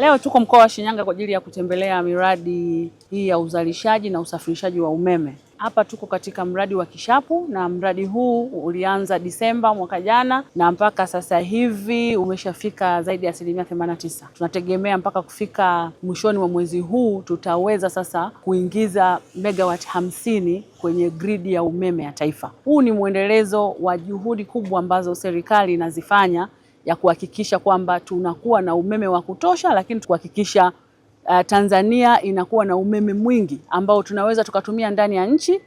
Leo tuko mkoa wa Shinyanga kwa ajili ya kutembelea miradi hii ya uzalishaji na usafirishaji wa umeme. Hapa tuko katika mradi wa Kishapu na mradi huu ulianza Disemba mwaka jana na mpaka sasa hivi umeshafika zaidi ya asilimia themanini na tisa. Tunategemea mpaka kufika mwishoni mwa mwezi huu tutaweza sasa kuingiza megawati hamsini kwenye gridi ya umeme ya taifa. Huu ni mwendelezo wa juhudi kubwa ambazo serikali inazifanya ya kuhakikisha kwamba tunakuwa na umeme wa kutosha, lakini kuhakikisha uh, Tanzania inakuwa na umeme mwingi ambao tunaweza tukatumia ndani ya nchi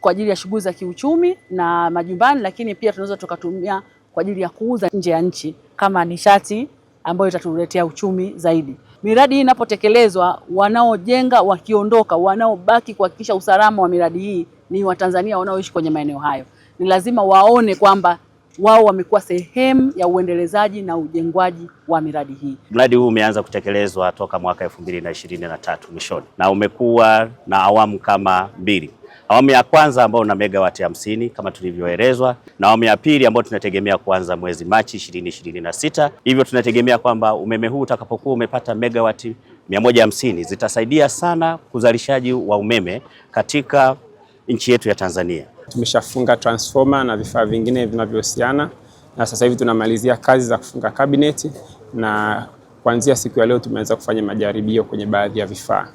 kwa ajili ya shughuli za kiuchumi na majumbani, lakini pia tunaweza tukatumia kwa ajili ya kuuza nje ya nchi kama nishati ambayo itatuletea uchumi zaidi. Miradi hii inapotekelezwa, wanaojenga wakiondoka, wanaobaki kuhakikisha usalama wa miradi hii ni Watanzania wanaoishi kwenye maeneo hayo. Ni lazima waone kwamba wao wamekuwa sehemu ya uendelezaji na ujengwaji wa miradi hii. Mradi huu umeanza kutekelezwa toka mwaka 2023 mwishoni na umekuwa na awamu kama mbili. Awamu ya kwanza ambayo na megawati hamsini kama tulivyoelezwa, na awamu ya pili ambayo tunategemea kuanza mwezi Machi 2026. Hivyo tunategemea kwamba umeme huu utakapokuwa umepata megawati 150 zitasaidia sana uzalishaji wa umeme katika nchi yetu ya Tanzania. Tumeshafunga transformer na vifaa vingine vinavyohusiana, na sasa hivi tunamalizia kazi za kufunga kabineti, na kuanzia siku ya leo tumeanza kufanya majaribio kwenye baadhi ya vifaa.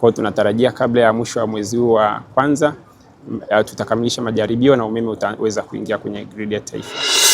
Kwa hiyo tunatarajia kabla ya mwisho wa mwezi huu wa kwanza eh, tutakamilisha majaribio na umeme utaweza kuingia kwenye gridi ya taifa.